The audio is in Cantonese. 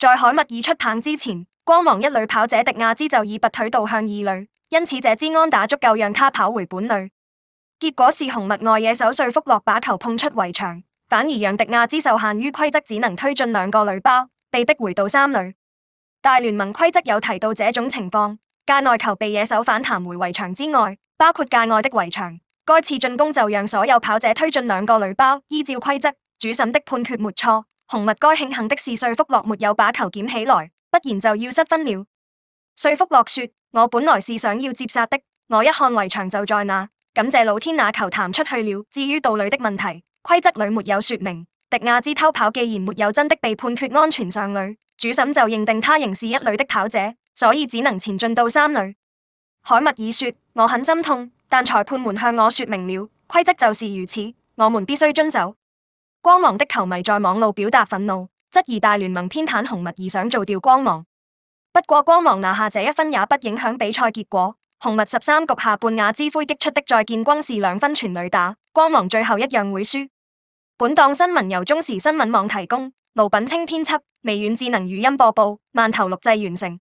在海密爾出棒之前，光芒一壘跑者迪亞茲就以拔腿度向二壘，因此這支安打足夠讓他跑回本壘。結果是紅襪外野手瑞福洛把球碰出圍牆，反而讓迪亞茲受限於規則只能推進兩個壘包，被逼回到三壘。大聯盟規則有提到這種情況：界內球被野手反彈回圍牆之外，包括界外的圍牆。該次進攻就讓所有跑者推進兩個壘包，依照規則，主審的判決沒錯。紅襪該慶幸的是，瑞福洛沒有把球撿起來，不然就要失分了。瑞福洛說：我本來是想要接殺的，我一看圍牆就在那，感謝老天，那球彈出去了。至於盜壘的問題，規則裡沒有說明。迪亞茲偷跑，既然沒有真的被判決安全上壘，主審就認定他仍是一壘的跑者，所以只能前進到三壘。凱麥爾說：我很心痛，但裁判們向我說明了規則就是如此，我們必須遵守。光芒的球迷在網路表達憤怒，質疑大聯盟偏袒紅襪而想做掉光芒。不過光芒拿下這一分也不影響比賽結果，紅襪十三局下半亞之灰擊出的再見轟是兩分全壘打，光芒最後一樣會輸。本檔新聞由中時新聞網提供，盧品清編輯，微軟智能語音播報，萬頭錄製完成。